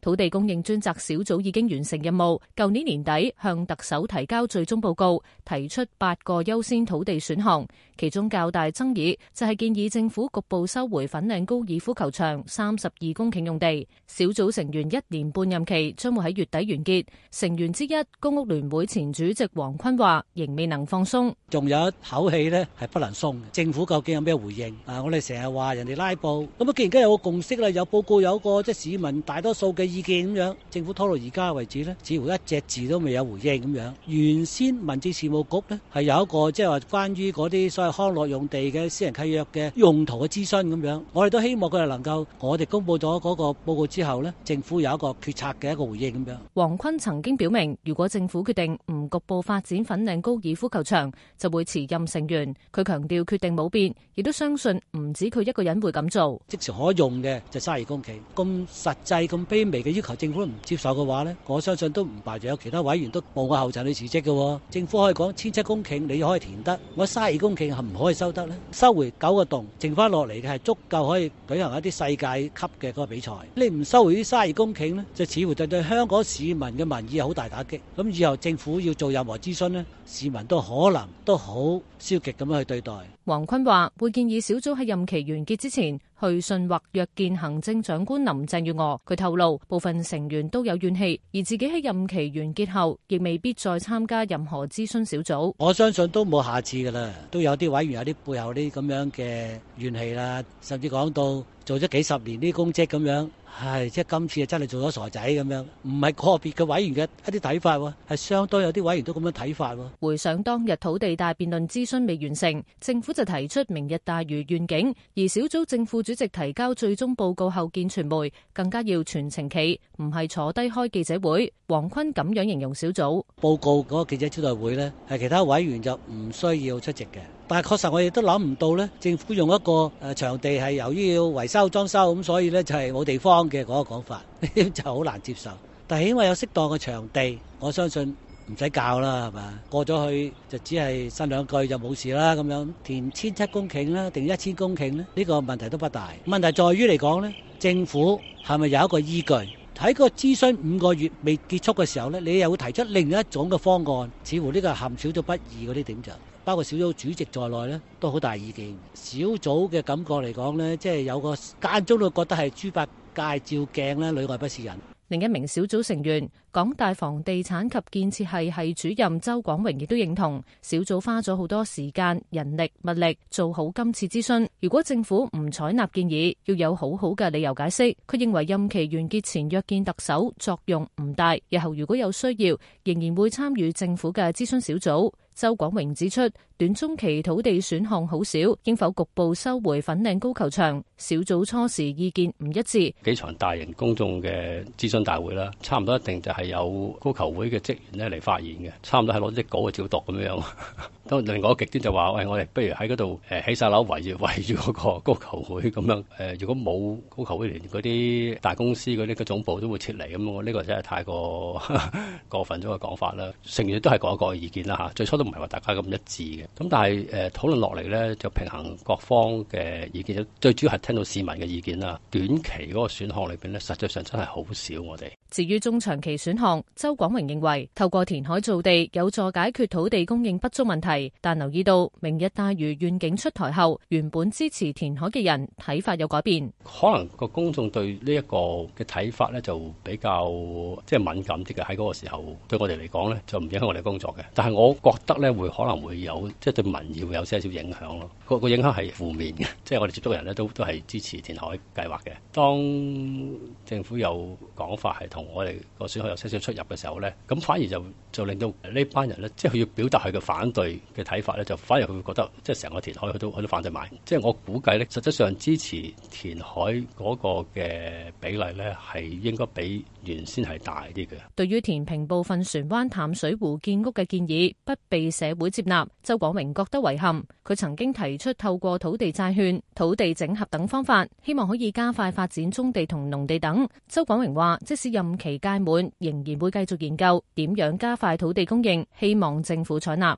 土地供應專責小組已經完成任務，舊年年底向特首提交最終報告，提出八個優先土地選項，其中較大爭議就係建議政府局部收回粉嶺高爾夫球場三十二公頃用地。小組成員一年半任期將會喺月底完結，成員之一公屋聯會前主席王坤話，仍未能放鬆，仲有一口氣咧係不能鬆。政府究竟有咩回應？啊，我哋成日話人哋拉布，咁啊，既然而家有個共識啦，有報告有一個即係市民大多數嘅。意見咁樣，政府拖到而家為止，呢咧，似乎一隻字都未有回應咁樣。原先民政事、事務局呢係有一個即係話關於嗰啲所謂康樂用地嘅私人契約嘅用途嘅諮詢咁樣。我哋都希望佢哋能夠，我哋公布咗嗰個報告之後呢，政府有一個決策嘅一個回應咁樣。王坤曾經表明，如果政府決定唔局部發展粉嶺高爾夫球場，就會辭任成員。佢強調決定冇變，亦都相信唔止佢一個人會咁做。即時可用嘅就卅二公頃，咁實際咁卑微。佢要求政府唔接受嘅話呢，我相信都唔排除有其他委員都冇個後塵去辭職嘅。政府可以講千七公頃你可以填得，我卅二公頃係唔可以收得呢，收回九個洞，剩翻落嚟嘅係足夠可以舉行一啲世界級嘅個比賽。你唔收回啲卅二公頃呢，就似乎對對香港市民嘅民意好大打擊，咁以後政府要做任何諮詢呢，市民都可能都好消極咁樣去對待。王坤話會建議小組喺任期完結之前，去信或約見行政長官林鄭月娥，佢透露部分成員都有怨氣，而自己喺任期完結後，亦未必再參加任何諮詢小組。我相信都冇下次㗎喇，都有啲委員有啲背後啲咁樣嘅怨氣啦，甚至講到做咗幾十年啲公職咁樣。係即係今次啊，真係做咗傻仔咁樣，唔係個別嘅委員嘅一啲睇法，係相當有啲委員都咁樣睇法。回想當日土地大辯論諮詢未完成，政府就提出明日大嶼願景，而小組正副主席提交最終報告後見傳媒，更加要全程企，唔係坐低開記者會。王坤咁樣形容小組報告嗰個記者招待會咧，係其他委員就唔需要出席嘅。但係確實，我亦都諗唔到呢。政府用一個誒場地係由於要維修裝修，咁所以呢就係冇地方嘅嗰個講法，就好難接受。但係因為有適當嘅場地，我相信唔使教啦，係嘛？過咗去就只係新兩句就冇事啦，咁樣填千七公頃啦，定一千公頃呢，呢個問題都不大。問題在於嚟講呢，政府係咪有一個依據？喺個諮詢五個月未結束嘅時候呢，你又會提出另一種嘅方案，似乎呢個陷小組於不義嗰啲點就？包括小組主席在內呢都好大意見。小組嘅感覺嚟講呢即係有個間中都覺得係豬八戒照鏡呢，裏外不是人。另一名小組成員，港大房地產及建設系系主任鄒廣榮亦都認同，小組花咗好多時間、人力、物力做好今次諮詢。如果政府唔採納建議，要有好好嘅理由解釋。佢認為任期完結前約見特首作用唔大，日後如果有需要，仍然會參與政府嘅諮詢小組。鄒廣榮指出，短中期土地選項好少，應否局部收回粉嶺高球場？小組初時意見唔一致。幾場大型公眾嘅諮詢大會啦，差唔多一定就係有高球會嘅職員咧嚟發言嘅，差唔多係攞隻稿嚟照讀咁樣。 當另外一個極端就話，喂，我哋不如喺嗰度起晒樓，圍住圍住嗰個高球會咁樣。如果冇高球會連嗰啲大公司嗰啲嘅總部都會撤離，咁我呢個真係太過呵呵過分咗嘅講法啦。成員都係嗰個意見啦嚇，最初都唔係話大家咁一致嘅。咁但係誒討論落嚟咧，就平衡各方嘅意見。最主要係聽到市民嘅意見啦。短期嗰個選項裏面咧，實際上真係好少我哋。至於中長期選項，鄒廣榮認為透過填海造地有助解決土地供應不足問題。但留意到，明日大嶼願景出台後，原本支持填海嘅人睇法有改變。可能個公眾對呢一個嘅睇法咧就比較即係敏感啲嘅。喺嗰個時候，對我哋嚟講咧就唔影響我哋工作嘅。但係我覺得咧會可能會有即係對民意會有少少影響咯。個個影響係負面嘅，即係我哋接觸嘅人咧都都係支持填海計劃嘅。當政府有講法係同我哋個選舉有少少出入嘅時候呢，咁反而就就令到呢班人呢，即係佢要表達佢嘅反對嘅睇法呢，就反而佢會覺得即係成個填海佢都佢都反對埋。即係我估計呢，實際上支持填海嗰個嘅比例呢，係應該比原先係大啲嘅。對於填平部分船灣淡水湖建屋嘅建議不被社會接納，鄒廣榮覺得遺憾。佢曾經提出透過土地債券、土地整合等方法，希望可以加快發展棕地同農地等。鄒廣榮話，即使任期屆滿，仍然會繼續研究點樣加快土地供應，希望政府採納。